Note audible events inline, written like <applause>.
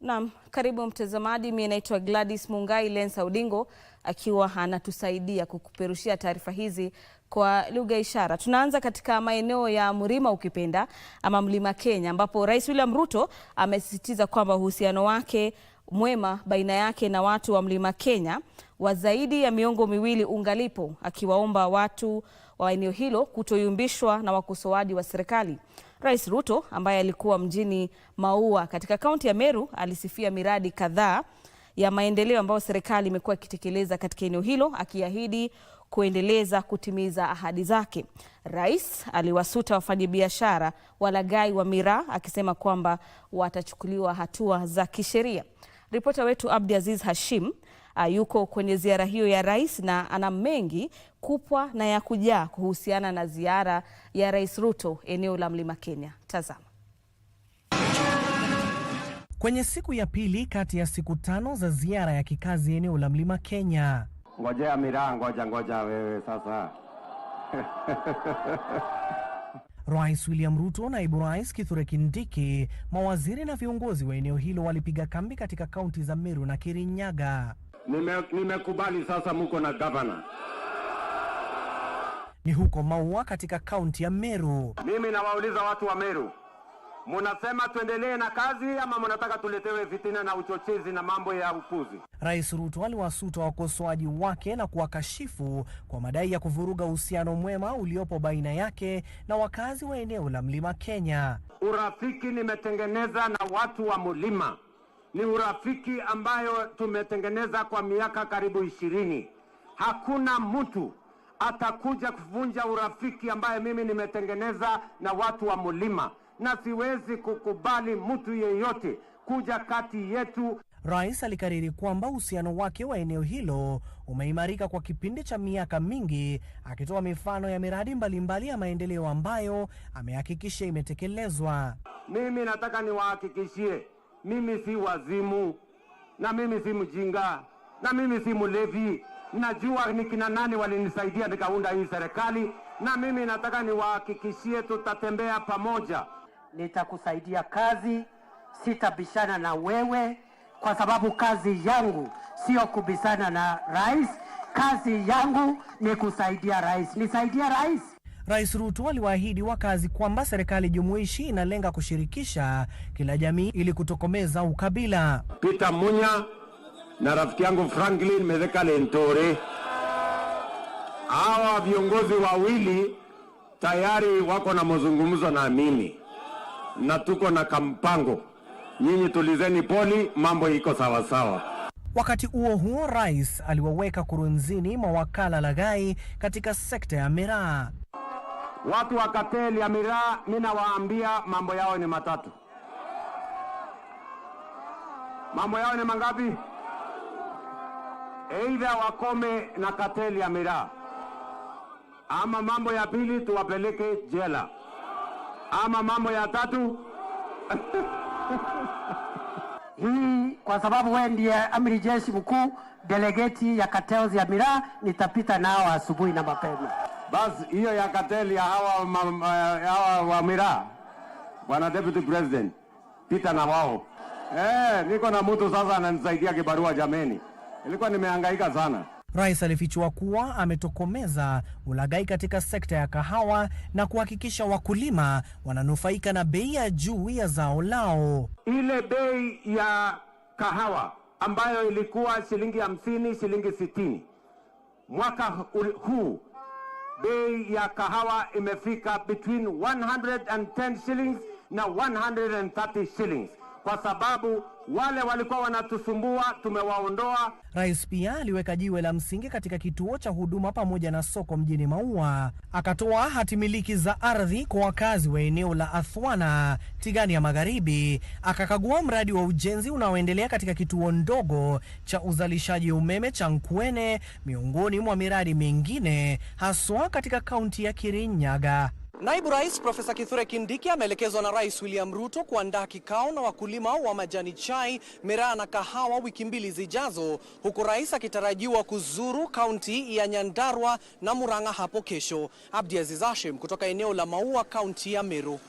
Naam, karibu mtazamaji. Mimi naitwa Gladys Mungai. Lensa udingo akiwa anatusaidia kukuperushia taarifa hizi kwa lugha ya ishara. Tunaanza katika maeneo ya Mlima ukipenda ama Mlima Kenya, ambapo Rais William Ruto amesisitiza kwamba uhusiano wake mwema baina yake na watu wa Mlima Kenya wa zaidi ya miongo miwili ungalipo, akiwaomba watu wa eneo hilo kutoyumbishwa na wakosoaji wa serikali. Rais Ruto ambaye alikuwa mjini Maua katika kaunti ya Meru alisifia miradi kadhaa ya maendeleo ambayo serikali imekuwa ikitekeleza katika eneo hilo akiahidi kuendeleza kutimiza ahadi zake. Rais aliwasuta wafanyabiashara walaghai wa miraa akisema kwamba watachukuliwa hatua za kisheria. Ripota wetu Abdi Aziz Hashim uh, yuko kwenye ziara hiyo ya rais na ana mengi kupwa na ya kujaa kuhusiana na ziara ya Rais Ruto eneo la Mlima Kenya. Tazama. Kwenye siku ya pili kati ya siku tano za ziara ya kikazi eneo la Mlima Kenya. Ngojea miraa, ngoja ngoja wewe sasa. <laughs> Rais William Ruto, naibu rais Kithure Kindiki, mawaziri na viongozi wa eneo hilo walipiga kambi katika kaunti za Meru na Kirinyaga nime, nimekubali sasa muko na gavana. Ni huko Maua katika kaunti ya Meru. Mimi nawauliza watu wa Meru, munasema tuendelee na kazi ama munataka tuletewe vitina na uchochezi na mambo ya upuzi? Rais Ruto aliwasuta wakosoaji wake na kuwakashifu kwa madai ya kuvuruga uhusiano mwema uliopo baina yake na wakazi wa eneo la Mlima Kenya. Urafiki nimetengeneza na watu wa Mlima ni urafiki ambayo tumetengeneza kwa miaka karibu ishirini. Hakuna mtu atakuja kuvunja urafiki ambayo mimi nimetengeneza na watu wa Mulima, na siwezi kukubali mtu yeyote kuja kati yetu. Rais alikariri kwamba uhusiano wake wa eneo hilo umeimarika kwa kipindi cha miaka mingi, akitoa mifano ya miradi mbalimbali ya maendeleo ambayo amehakikisha imetekelezwa. Mimi nataka niwahakikishie mimi si wazimu, na mimi si mjinga, na mimi si mlevi. Najua ni kina nani walinisaidia nikaunda hii serikali, na mimi nataka niwahakikishie tutatembea pamoja. Nitakusaidia kazi, sitabishana na wewe kwa sababu kazi yangu sio kubishana na rais. Kazi yangu ni kusaidia rais, nisaidia rais. Rais Ruto aliwaahidi wakazi kwamba serikali jumuishi inalenga kushirikisha kila jamii ili kutokomeza ukabila. Peter Munya na rafiki yangu Franklin mezeka Lentore, hawa viongozi wawili tayari wako na mazungumzo na mimi na tuko na kampango. Nyinyi tulizeni poli, mambo iko sawasawa Wakati huo huo, rais aliwaweka kurunzini mawakala laghai katika sekta ya miraa. Watu wa kateli ya miraa, mimi nawaambia mambo yao ni matatu. Mambo yao ni mangapi? Aidha wakome na kateli ya miraa, ama mambo ya pili tuwapeleke jela, ama mambo ya tatu <laughs> hii kwa sababu wewe ndiye amiri jeshi mkuu, delegeti ya kateli ya miraa, nitapita nao asubuhi na mapema. Basi hiyo ya kateli ya hawa, ma, hawa wa miraa bwana deputy president pita na wao eh, niko na mtu sasa ananisaidia kibarua. Jameni, ilikuwa nimehangaika sana. Rais alifichua kuwa ametokomeza ulaghai katika sekta ya kahawa na kuhakikisha wakulima wananufaika na bei ya juu ya zao lao. Ile bei ya kahawa ambayo ilikuwa shilingi hamsini, shilingi sitini, mwaka huu bei ya kahawa imefika between 110 shillings na 130 shillings kwa sababu wale walikuwa wanatusumbua tumewaondoa. Rais pia aliweka jiwe la msingi katika kituo cha huduma pamoja na soko mjini Maua, akatoa hati miliki za ardhi kwa wakazi wa eneo la Athwana, Tigani ya Magharibi, akakagua mradi wa ujenzi unaoendelea katika kituo ndogo cha uzalishaji umeme cha Nkwene, miongoni mwa miradi mingine haswa katika kaunti ya Kirinyaga. Naibu Rais Profesa Kithure Kindiki ameelekezwa na Rais William Ruto kuandaa kikao na wakulima wa majani chai, miraa na kahawa wiki mbili zijazo, huku rais akitarajiwa kuzuru kaunti ya Nyandarua na Murang'a hapo kesho. Abdiaziz Hashim kutoka eneo la Maua, kaunti ya Meru.